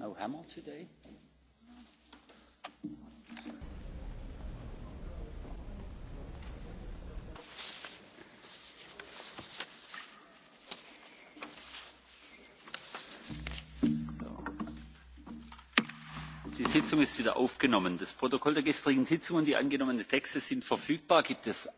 No Hamill today? Die Sitzung ist wieder aufgenommen. Das Protokoll der gestrigen Sitzung und die angenommenen Texte sind verfügbar. Gibt es?